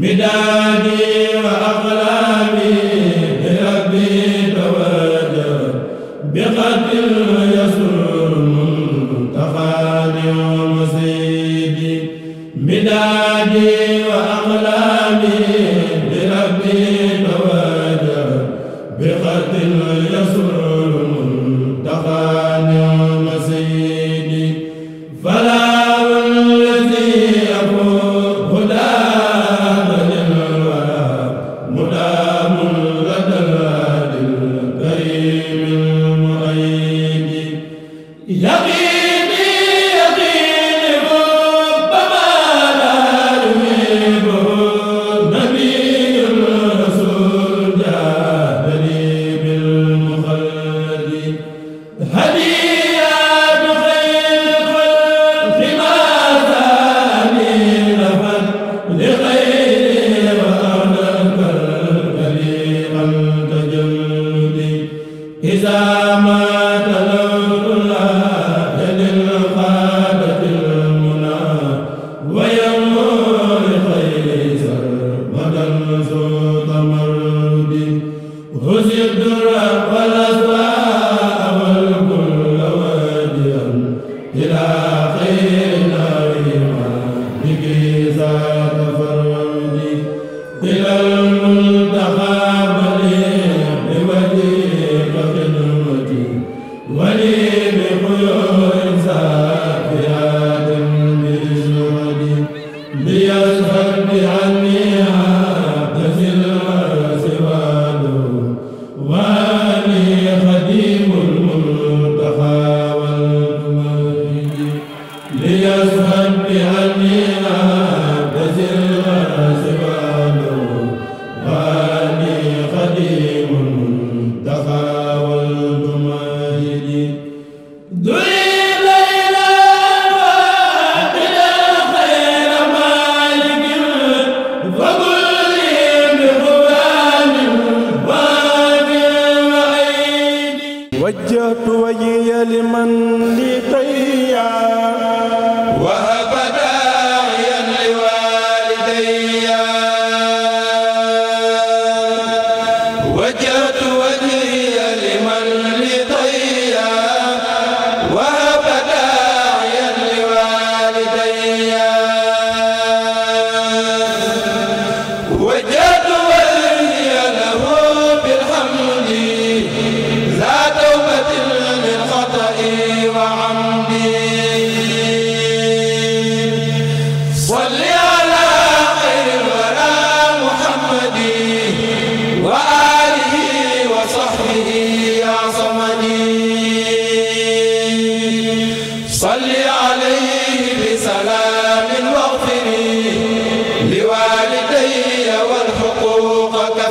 mi daa wala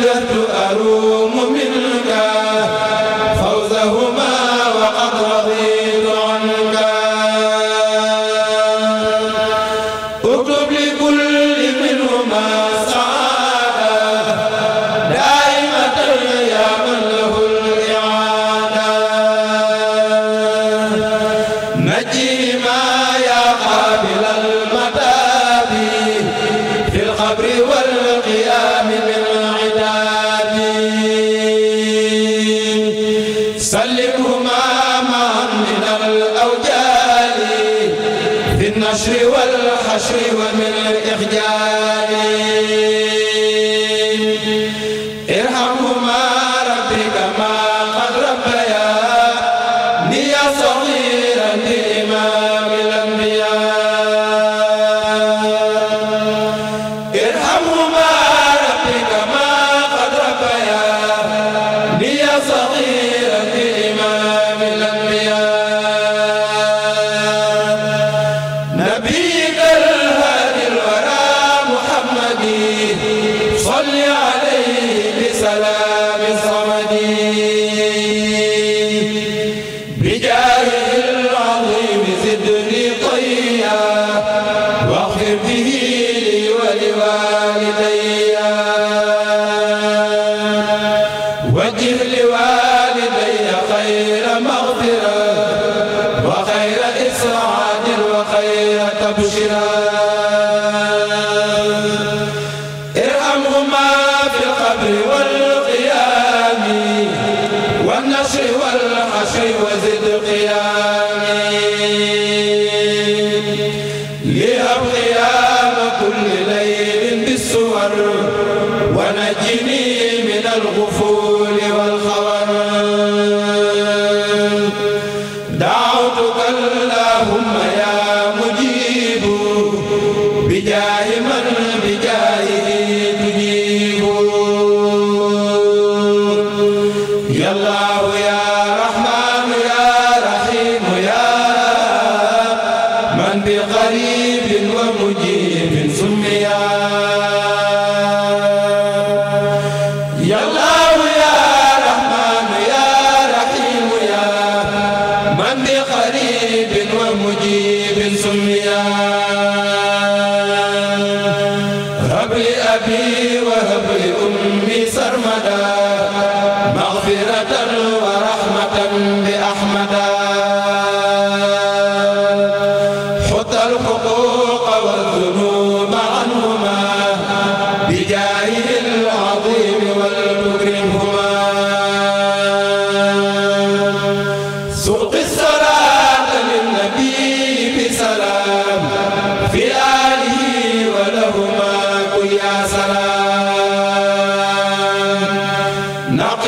لست أروم irham ونجني من الغفول والخوان دعوتك اللهم يا مجيب بجاه من بجاهه تجيب يا الله يا رحمن مجيب سميا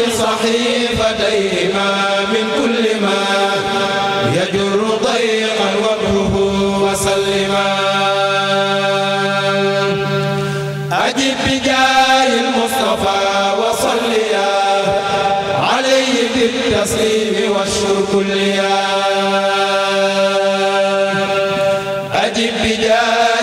فاقل صحيفتيهما من كل ما يجر ضيقا وجهه وسلما أجب بجاه المصطفى وصليا عليه بالتسليم والشكر كليا أجب بجاه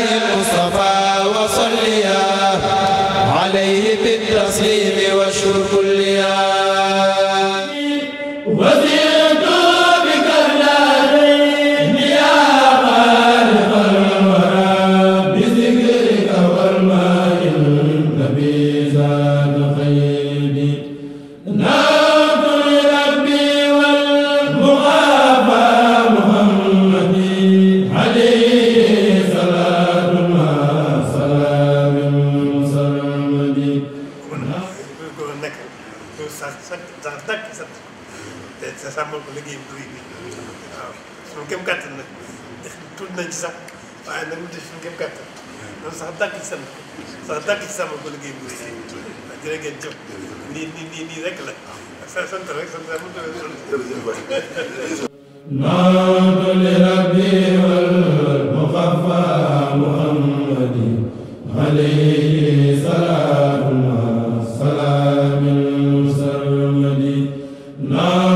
sa sàmmal ko liggéey bu rëy bi waaw suñu kéem kàttan nag tuut nañ ci sax waaye nag mu def suñu kéem kàttan loolu sax dàkk ci sant sax dàkk ci sàmmal ko liggéey bu rëy bi waaw jërë ngeen jëf nii nii nii nii rek la sa sant rek sant naa mënut a sant. موت لربي والمخفى محمد عليه سلام السلام المسرمد